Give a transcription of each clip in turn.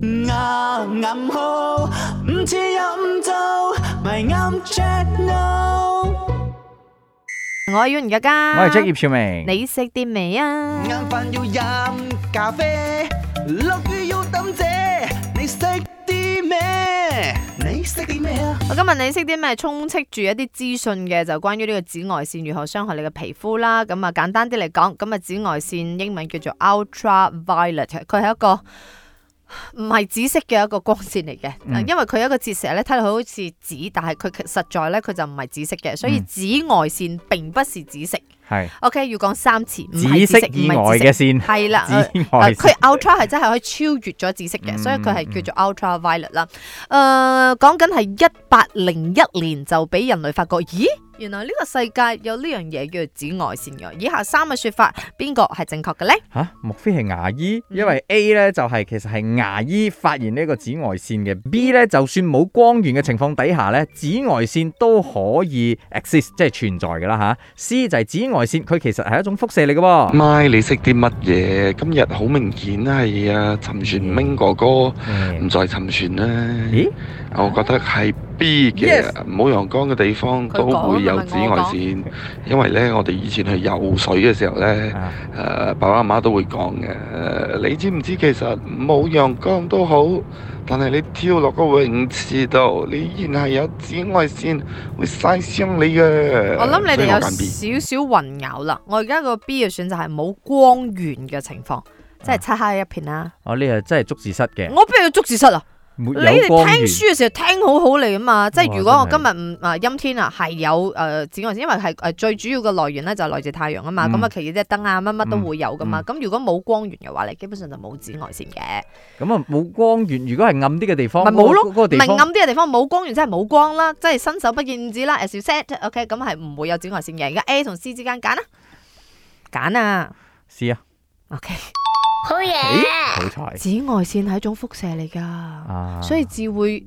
我係阮嘉嘉。我係職業小明。你識啲咩啊？晏飯要飲咖啡，落雨要飲遮。你識啲咩？你識啲咩啊？我今日你識啲咩？充斥住一啲資訊嘅就關於呢個紫外線如何傷害你嘅皮膚啦。咁啊，簡單啲嚟講，咁啊，紫外線英文叫做 ultraviolet，佢係一個。唔係紫色嘅一個光線嚟嘅，嗯、因為佢一個折射咧睇落去好似紫，但係佢實在咧佢就唔係紫色嘅，所以紫外線並不是紫色。係、嗯、OK 要講三次，紫色唔係紫色以外嘅線係啦，佢 ultra 係真係可以超越咗紫色嘅，嗯、所以佢係叫做 ultraviolet 啦。誒、嗯，講緊係一八零一年就俾人類發覺，咦？原來呢個世界有呢樣嘢叫紫外線嘅，以下三個說法邊個係正確嘅呢？吓、啊，莫非係牙醫？嗯、因為 A 呢就係、是、其實係牙醫發現呢個紫外線嘅。B 呢就算冇光源嘅情況底下呢，紫外線都可以 exist，即係存在嘅啦。吓、啊，C 就係紫外線，佢其實係一種輻射嚟嘅。MY，你識啲乜嘢？今日好明顯係啊，沉船明哥哥唔、嗯、再沉船啦。咦？我覺得係。B 嘅冇 Yes. 陽光嘅地方都會有紫外線，嗯、因為咧我哋以前去游水嘅時候咧，誒爸、啊呃、爸媽媽都會講嘅、呃。你知唔知其實冇陽光都好，但係你跳落個泳池度，你依然係有紫外線會晒傷你嘅。我諗你哋有少少混淆啦。我而家個 B 嘅選擇係冇光源嘅情況，即係漆黑一片啦。我呢個真係捉字蝨嘅。我不如捉字蝨啊！啊。你哋聽書嘅時候聽好好嚟噶嘛？哇即係如果我今日唔啊陰天啊係有誒紫、呃、外線，因為係誒、呃、最主要嘅來源咧就係來自太陽啊嘛。咁啊、嗯，其餘啲燈啊乜乜都會有噶嘛。咁、嗯、如果冇光源嘅話，你基本上就冇紫外線嘅。咁啊冇光源，如果係暗啲嘅地方，唔係冇咯，明暗啲嘅地方冇光源即係冇光啦，即係伸手不見五指啦。a s o k 咁係唔會有紫外線嘅。而家 A 同 C 之間揀啦，揀啊，C 啊，OK。 好嘢！ 紫外線係一種輻射嚟噶，啊、所以至會。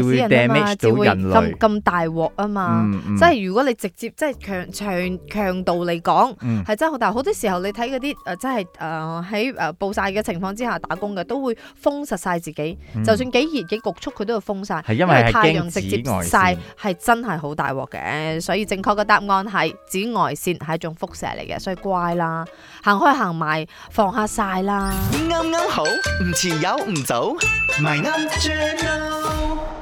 就會 damage 到人類，咁咁大鑊啊嘛！即係如果你直接即係強強強度嚟講，係真好大。好多時候你睇嗰啲誒，即係誒喺誒暴曬嘅情況之下打工嘅，都會封實曬自己。就算幾熱幾焗促，佢都會封曬，因為太陽直接曬係真係好大鑊嘅。所以正確嘅答案係紫外線係一種輻射嚟嘅，所以乖啦，行開行埋防下曬啦。啱啱好，唔遲休唔早，咪啱轉咯。